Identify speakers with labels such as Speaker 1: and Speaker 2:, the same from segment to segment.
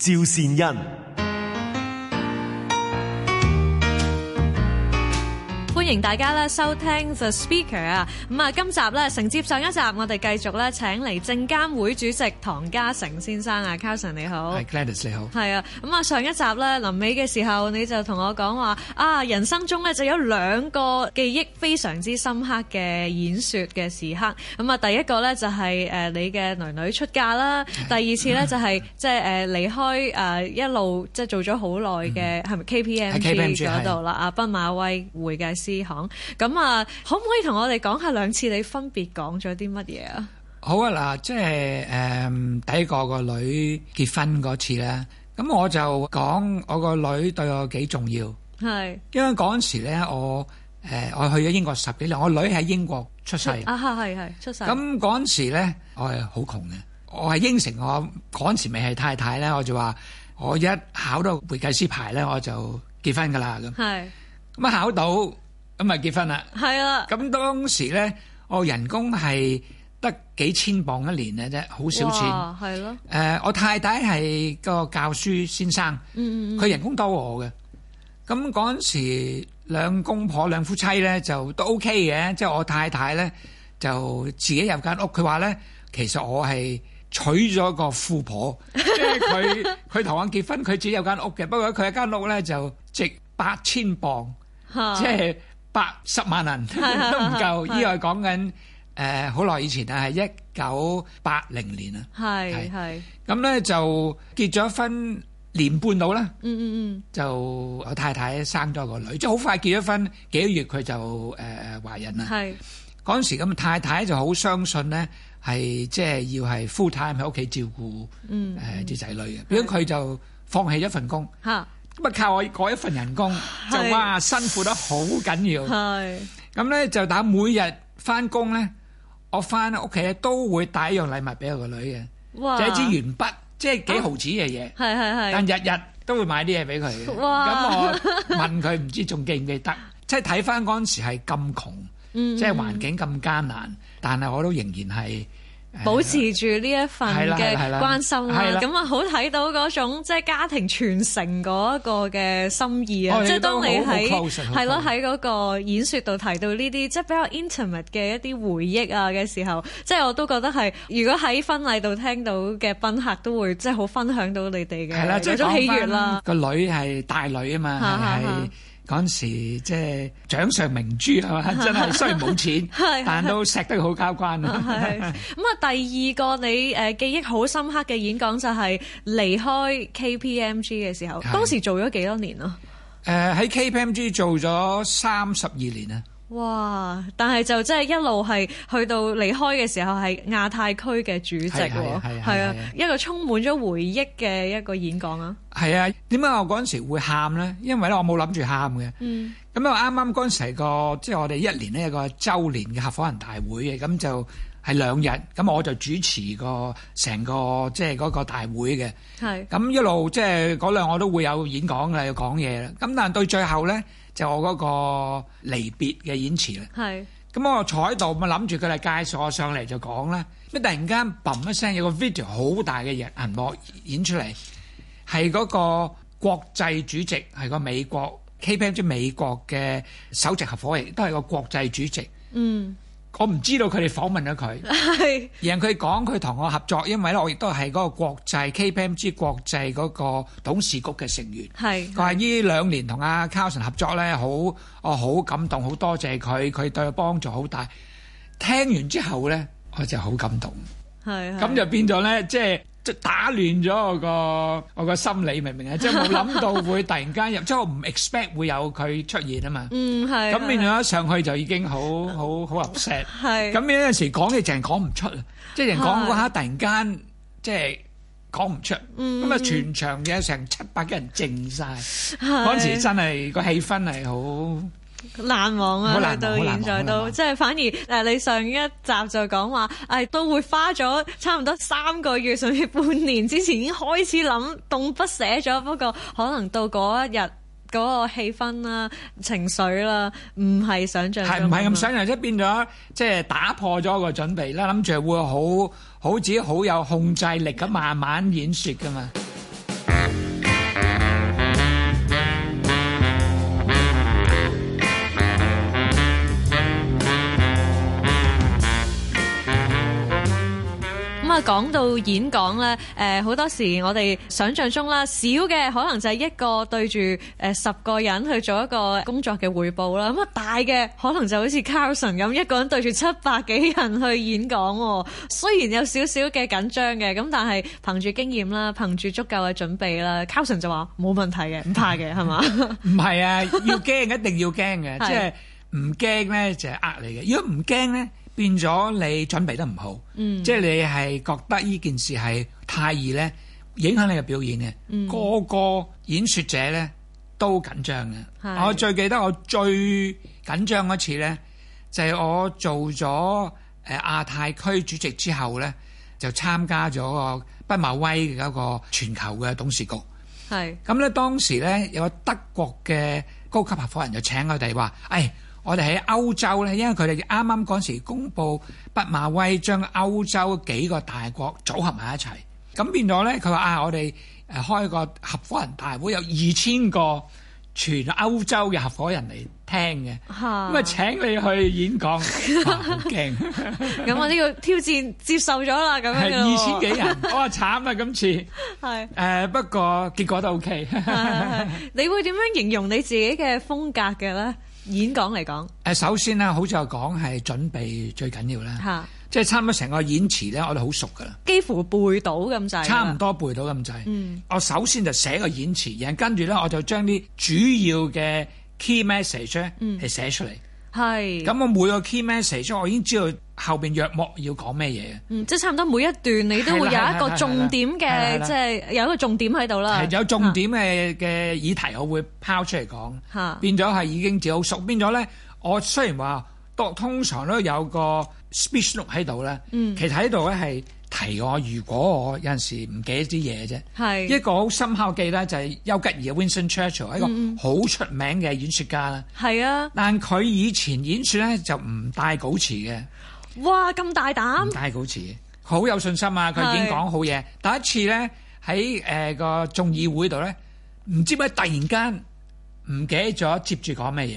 Speaker 1: 趙善人。
Speaker 2: 歡迎大家咧收聽 The Speaker 啊，咁啊今集咧承接上一集，我哋繼續咧請嚟證監會主席唐家成先生啊，Carlson 你好，係 Gladys 你好，係啊，咁啊上一集咧臨尾嘅時候，你就同我講話啊，人生中咧就有兩個記憶非常之深刻嘅演說嘅時刻，咁啊第一個咧就係、是、誒、呃、你嘅女女出嫁啦，Okay. 第二次咧就係即係誒離開誒、呃、一路即係、就是、做咗好耐嘅係咪 KPMG 嗰度啦阿畢馬威會計師。Mm. 是行咁啊，可唔可以同我哋講下兩次你分別講咗啲乜嘢
Speaker 3: 啊？好啊，嗱，即係誒，第一個個女結婚嗰次咧，咁我就講我個女對我幾重要，係因為嗰陣時咧，我誒我去咗英國十幾年，我女喺英國出世啊，
Speaker 2: 係係出世。咁嗰陣
Speaker 3: 時咧，我係好窮嘅，我係應承我嗰陣時未係太太咧，我就話我一考到會計師牌咧，我就結婚噶啦，咁係咁啊，考到。咁咪結婚啦，係啊！咁當時咧，我人工係得幾千磅一年嘅啫，好少錢，係咯。誒，我太太係個教書先生，
Speaker 1: 佢人
Speaker 3: 工高我嘅。咁嗰陣時，兩公婆兩夫妻咧就都 O K 嘅，即係我太太咧就自己有間屋。佢話咧，其實我係娶咗個富婆，即係佢佢台灣結婚，佢自己有間屋嘅。不過佢一間屋咧就值八千磅，即係。百十萬人都唔夠，依個講緊誒好耐以前啦，係一九八零年啊，
Speaker 2: 係係
Speaker 3: 咁咧就結咗婚年半到啦，嗯嗯嗯，就我太太生咗個女，即係好快結咗婚幾個月佢就誒懷孕啦，係。嗰陣時咁太太就好相信咧係即係要係 full time 喺屋企照顧誒啲仔女嘅，咁佢就放棄一份工吓。咁啊！靠我嗰一份人工是就哇，辛苦得好緊要。咁咧是就打每日翻工咧，我翻屋企咧都會帶一樣禮物俾我個女
Speaker 2: 嘅哇，就一支鉛
Speaker 3: 筆，即係幾毫紙嘅嘢。係係
Speaker 2: 係。
Speaker 1: 是是
Speaker 3: 是，但日日都會買啲嘢俾佢。咁哇我問佢唔知仲記唔記得？即係睇翻嗰陣時係咁窮，
Speaker 1: 即係環
Speaker 3: 境咁艱難，但係我都仍然係。保持住呢一份嘅關心啦，咁啊
Speaker 2: 好睇到嗰種即係、就是、家庭傳承嗰一個嘅心意啊！哦、即係當你喺係咯喺嗰個演説度提到呢啲即係比較 intimate 嘅一啲回憶啊嘅時候，即、就、係、是、我都覺得係如果喺婚禮度聽到嘅賓客都會即係好分享到你哋嘅係啦，嗰種喜悦啦。
Speaker 3: 個女係大女啊嘛，係。嗰陣時即係掌上明珠係嘛，真係是雖然冇錢，係係係但都錫得好交關啊！咁
Speaker 2: 啊， 第二個你誒記憶好深刻嘅演講就係離開 KPMG 嘅時候，係係當時做咗幾多年咯？
Speaker 3: 誒喺、呃、KPMG 做咗三十二年啊！
Speaker 2: 哇！但係就真係一路係去到離開嘅時候，係亞太區嘅主席喎，係啊，一個充滿咗回憶嘅一個演講
Speaker 3: 啊！係啊，點解我嗰陣時會喊呢？因為咧我冇諗住喊嘅。嗯，咁啊啱啱嗰陣時個即係、就是、我哋一年呢一個周年嘅合伙人大會嘅，咁就係兩日，咁我就主持過個成個即係嗰個大會嘅。
Speaker 1: 係的，咁
Speaker 3: 一路即係嗰兩日我都會有演講嘅，講嘢啦。咁但係到最後呢。就我嗰個離別嘅演詞啦，咁是我坐喺度，咪諗住佢哋介紹我，我上嚟就講啦。咁突然間，嘣一聲，有個 video 好大嘅銀幕演出嚟，係嗰個國際主席，係個美國 KPMG 美國嘅首席合伙人，都係個國際主席。嗯。我唔知道佢哋訪問咗佢，然後佢講佢同我合作，因為咧我亦都係嗰個國際 KPMG 國際嗰個董事局嘅成員，佢話呢是兩年同阿 Carlson 合作咧，好，我好感動，好多謝佢，佢對我幫助好大。聽完之後咧，我就好感動，
Speaker 1: 咁是
Speaker 3: 就變咗咧，即係。打亂咗我個我個心理，明唔明啊？即係冇諗到會突然間入，即係我唔 expect 會有佢出現啊嘛。嗯，
Speaker 2: 係。咁變咗
Speaker 3: 一上去就已經好好好 upset。係。咁呢陣時講嘢成講唔出，即係人講嗰下突然間即係講唔出。嗯。咁啊，全場嘅成七百幾人靜晒。係。嗰陣時真係個氣氛係好。
Speaker 2: 難忘啊！去到現在都即係反而誒忘、呃，你上一集就講話誒，都會花咗差唔多三個月甚至半年之前已經開始諗動筆寫咗，不過可能到嗰一日嗰，嗰個氣氛啦、啊、情緒啦、啊，唔係想象係唔係咁想
Speaker 3: 象，即係變咗即係打破咗個準備啦，諗住會好好好似好有控制力咁慢慢演說㗎嘛。
Speaker 2: 講到演講咧，誒好多時我哋想象中啦，少嘅可能就係一個對住誒十個人去做一個工作嘅匯報啦。咁啊，大嘅可能就好似 Carlson 咁，一個人對住七百幾人去演講。雖然有少少嘅緊張嘅，咁但係憑住經驗啦，憑住足夠嘅準備啦
Speaker 3: ，Carlson 就話冇問題嘅，唔怕嘅係嘛？唔係啊，要驚，一定要驚嘅， 即係唔驚咧就係呃你嘅。如果唔驚咧。變咗你準備得唔好，嗯、即係你係覺得呢件事係太易咧，影響你嘅表演嘅。嗯、個個演說者咧都緊張嘅。是我最記得我最緊張嗰次咧，就係、是、我做咗誒、呃、亞太區主席之後咧，就參加咗個畢馬威嘅一個全球嘅董事局。係咁咧，當時咧有個德國嘅高級合伙人就請佢哋話：誒我哋喺歐洲咧，因為佢哋啱啱嗰時公布畢馬威，將歐洲幾個大國組合埋一齊，咁變咗咧，佢話啊，我哋誒開個合夥人大會，有二千個全歐洲嘅合夥人嚟聽嘅，
Speaker 2: 咁啊
Speaker 3: 請你去演講，好勁！
Speaker 2: 咁我呢個挑戰接受咗啦，咁樣二千幾人，
Speaker 3: 哇慘啊！今次係誒，不過結果都 OK 。
Speaker 2: 你會點樣形容你自己嘅風格嘅咧？演講嚟講，
Speaker 3: 誒，首先咧，好似我講係準備最緊要啦，吓是，即係差唔多成個演詞咧，我哋好熟噶啦，幾乎背到咁滯，差唔多背到咁滯。嗯，我首先就寫個演詞，然後跟住咧，我就將啲主要嘅 key message 咧，嗯，係寫出嚟。
Speaker 2: 係，咁我
Speaker 3: 每個 key message，我已經知道後邊約莫要講咩嘢。嗯，
Speaker 2: 即係差唔多每一段你都會有一個重點嘅，即係有一個重點喺度啦。係有
Speaker 3: 重點嘅嘅議題，我會拋出嚟講。吓，變咗係已經自己好熟。變咗咧，我雖然話多，通常都有個 speech note 喺度咧。嗯，其實喺度咧係。提我，如果我有陣時唔記得啲嘢啫。係是一個好深刻嘅記咧，就係丘吉爾 Winston Churchill，一個好出名嘅演説家。係啊，但佢以前演説咧就唔帶稿詞嘅。
Speaker 2: 哇，咁大膽唔帶
Speaker 3: 稿詞，好有信心啊！佢已經講好嘢。是第一次咧喺誒個眾議會度咧，唔知點解突然間唔記咗，接住講咩嘢？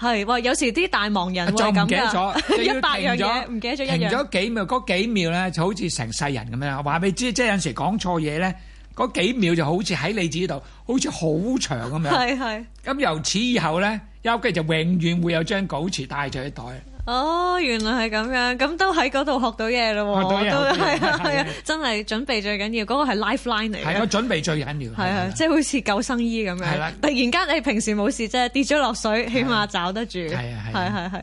Speaker 3: 係，
Speaker 2: 哇！有時啲大忙人就唔記得咗，一停咗，唔記得咗，停咗
Speaker 3: 幾秒，嗰幾秒咧就好似成世人咁樣。話俾你知，即係有時講錯嘢咧，嗰幾秒就好似喺你紙度，好似好長咁樣。係係。咁由此以後咧，丘吉爾就永遠會有張稿詞帶在一袋。
Speaker 2: 哦，原來係咁樣，咁都喺嗰度學到嘢咯，都係啊，真係準備最緊要，嗰個係 lifeline 嚟嘅。係啊，
Speaker 3: 準備最緊要，
Speaker 2: 係係，即係好似救生衣咁樣。係啦，突然間你平時冇事啫，跌咗落水，起碼找得住。係啊，係，係係係。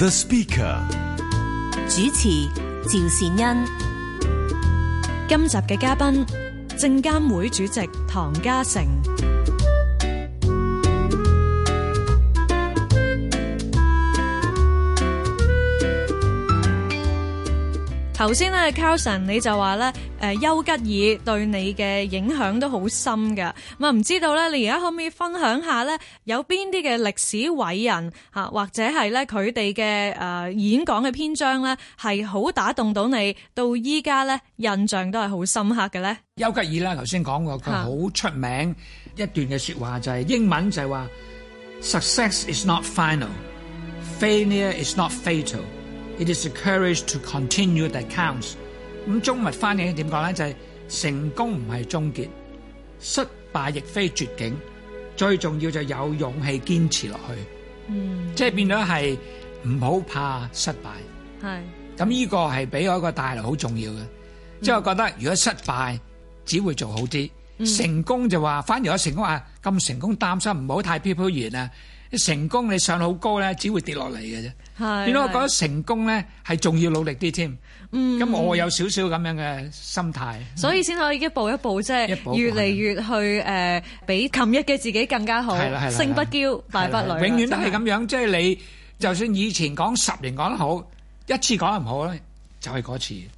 Speaker 1: The Speaker
Speaker 2: 主持趙善恩，今集嘅嘉賓證監會主席唐家成。頭先咧，Carlson 你就話咧，誒、呃、丘吉爾對你嘅影響都好深噶。咁啊，唔知道咧，你而家可唔可以分享下咧，有邊啲嘅歷史偉人嚇、啊，或者係咧佢哋嘅誒演講嘅篇章咧，係好打動到你，到依家咧印象都係好深刻嘅咧？
Speaker 3: 丘吉爾啦，頭先講過佢好出名一段嘅説話就係、是、是英文就係話：Success is not final, failure is not fatal。It is the courage to continue that counts。咁中文翻譯點講咧？就係成功唔係終結，失敗亦非絕境。最重要就係有勇氣堅持落去，
Speaker 1: 嗯，即
Speaker 3: 係變咗係唔好怕失敗。係咁，呢個係俾我一個帶來好重要嘅。即係我覺得，如果失敗，只會做好啲；成功就話，反而我成功啊，咁成功擔心唔好太飄飄然啊。成功你上好高咧，只會跌落嚟嘅啫。
Speaker 2: 點解我覺得
Speaker 3: 成功咧，係仲要努力啲添？
Speaker 2: 咁、嗯、我有少
Speaker 3: 少咁樣嘅心態，
Speaker 2: 所以先可以一步一步即係、嗯、越嚟越去誒、呃，比琴日嘅自己更加好。勝不驕，敗不餒，永遠都係咁
Speaker 3: 樣。即係的你，就算以前講十年講得好，一次講得唔好咧，就係、是、嗰次。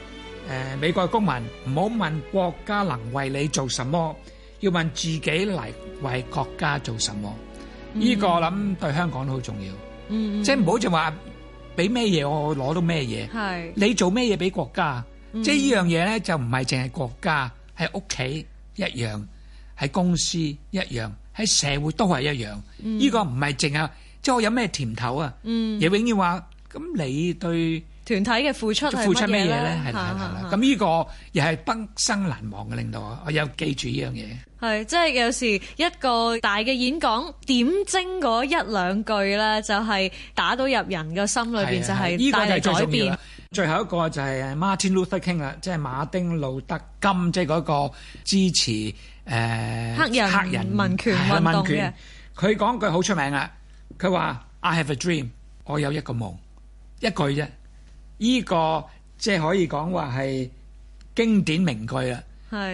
Speaker 3: 誒，美國公民唔好問國家能為你做什麼，要問自己嚟為國家做什麼。依個諗對香港都好重要，
Speaker 1: 即係唔好就話
Speaker 3: 俾咩嘢我攞到咩嘢，係你做咩嘢俾國家？即係依樣嘢咧，就唔係淨係國家，喺屋企一樣，喺公司一樣，喺社會都係一樣。依個唔係淨係即係我有咩甜頭啊？嗯，亦永遠話咁你對團體嘅付出，付出咩嘢咧？係啦係啦，咁 呢 個又係畢生難忘嘅領導，我有記住呢樣嘢。
Speaker 2: 係，即係有時一個大嘅演講點睛嗰一兩句咧，就係打到入人嘅心裏邊，就係呢個係最重要啦。
Speaker 3: 最後一個就係 Martin Luther King 啦，即係馬丁路德金，即係嗰個支持誒、呃、黑人黑人民權運動佢講、嗯、句好出名啊！佢話：I have a dream，我有一個夢，一句啫。依個即係可以講話係經典名句啦，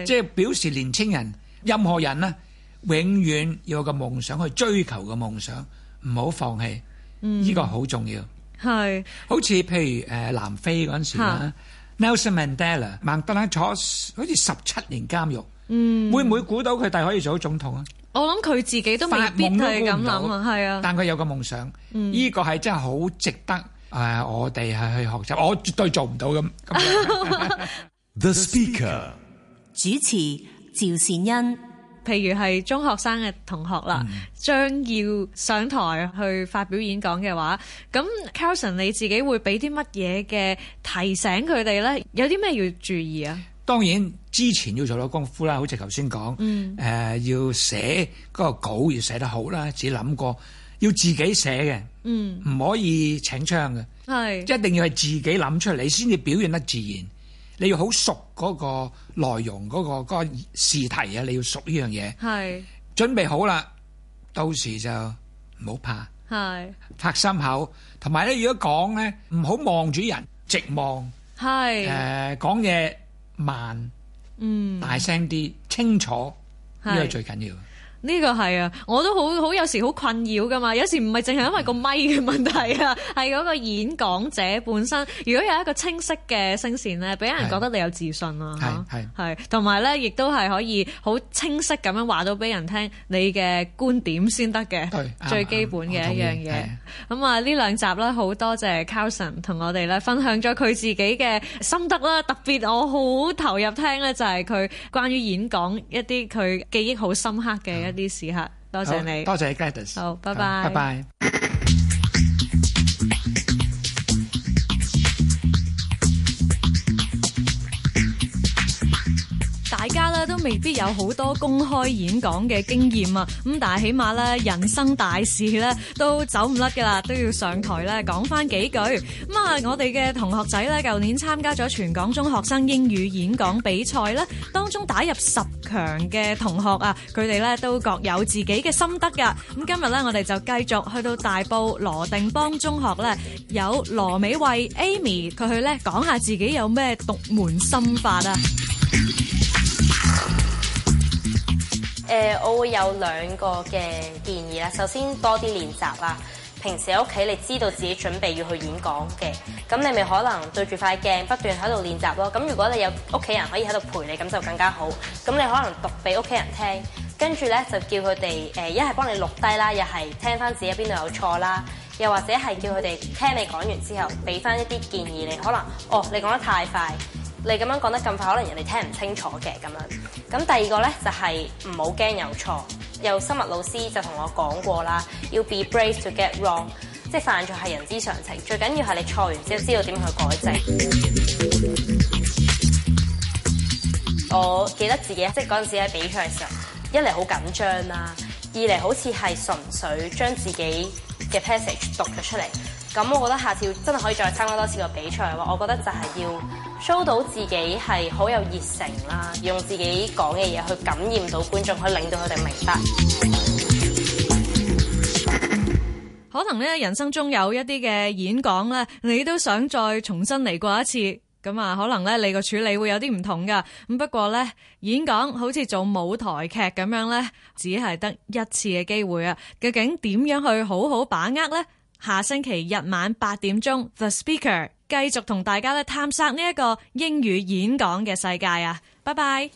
Speaker 3: 即係表示年青人，任何人咧，永遠有個夢想去追求嘅夢想，唔好放棄。依個好重要。係，好似譬如誒南非嗰陣時啦，Nelson Mandela，曼德拉坐好似十七年監獄，
Speaker 2: 會唔會
Speaker 3: 估到佢大可以做總統啊？
Speaker 2: 我諗佢自己都未必發夢都係咁諗啊，係啊。但
Speaker 3: 佢有個夢想，依個係真係好值得。誒，uh, 我哋係去學習，我絕對做唔到咁。 The Speaker 主持趙善恩，
Speaker 2: 譬如係中學生嘅同學啦，嗯、將要上台去發表演講嘅話，咁 Carlson 你自己會俾啲乜嘢嘅提醒佢哋咧？有啲咩要注意啊？
Speaker 3: 當然之前要做到功夫啦，好似頭先講，誒、嗯呃、要寫嗰個稿要寫得好啦，自己諗過，要自己寫嘅。嗯，唔可以請槍
Speaker 1: 嘅。
Speaker 3: 係是一定要係自己諗出嚟先至表現得自然。你要好熟個內容，嗰個、嗰個試題啊，你要熟呢樣嘢。係是準備好啦，到時就唔好怕，係是拍心口。同埋咧，如果講咧，唔好望住人，直望。
Speaker 2: 係
Speaker 1: 誒
Speaker 3: 是，講嘢、呃、慢，嗯，
Speaker 1: 大
Speaker 3: 聲啲，清楚呢個是最緊要。
Speaker 2: 呢個係啊，我都好好有時好困擾噶嘛，有時唔係淨係因為個咪嘅問題啊，係嗰、嗯、個演講者本身。如果有一個清晰嘅聲線咧，俾人覺得你有自信咯，係、係，同埋咧，亦都係可以好清晰咁樣話到俾人聽你嘅觀點先得嘅，對最基本嘅一樣嘢。咁、嗯嗯嗯、啊，呢兩集咧好多謝 Carlson 同我哋咧分享咗佢自己嘅心得啦，特別我好投入聽咧就係、是、佢關於演講一啲佢記憶好深刻嘅。一啲視客，多謝你，多謝謝嘉頓。好，拜拜，拜拜。都未必有好多公開演講嘅經驗啊！咁但係起碼咧，人生大事咧都走唔甩噶啦，都要上台咧講翻幾句。咁、嗯、啊，我哋嘅同學仔咧，舊年參加咗全港中學生英語演講比賽咧，當中打入十強嘅同學啊，佢哋咧都各有自己嘅心得噶。咁、嗯、今日咧，我哋就繼續去到大埔羅定邦中學咧，有羅美慧 Amy，佢去咧講下自己有咩
Speaker 4: 獨門心法啊！ 誒、呃，我會有兩個嘅建議啦。首先多啲練習啦，平時喺屋企你知道自己準備要去演講嘅，咁你咪可能對住塊鏡不斷喺度練習咯。咁如果你有屋企人可以喺度陪你，咁就更加好。咁你可能讀俾屋企人聽，跟住咧就叫佢哋誒一係幫你錄低啦，一係聽翻自己邊度有錯啦，又或者係叫佢哋聽你講完之後俾翻一啲建議你。可能哦，你講得太快。你咁樣講得咁快，可能人哋聽唔清楚嘅咁樣。咁第二個咧就係唔好驚有錯。有生物老師就同我講過啦，要 be brave to get wrong，即係犯錯係人之常情，最緊要係你錯完之後知道點去改正。 我記得自己即係嗰陣時喺比賽嘅時候，一嚟好緊張啦，二嚟好似係純粹將自己嘅 passage 讀咗出嚟。咁我覺得下次真係可以再參加多次個比賽嘅話，我覺得就係要。show 到自己係好有熱誠啦，用自己講嘅嘢去感染到觀眾，去令到佢哋明白。可能呢
Speaker 2: 人生中有一啲嘅演講呢，你都想再重新嚟過一次。咁啊，可能呢你個處理會有啲唔同噶。咁不過呢演講好似做舞台劇咁樣呢，只係得一次嘅機會啊！究竟點樣去好好把握呢？下星期日晚八點鐘，The Speaker。繼續同大家咧探索呢一個英語演講嘅世界啊！拜拜。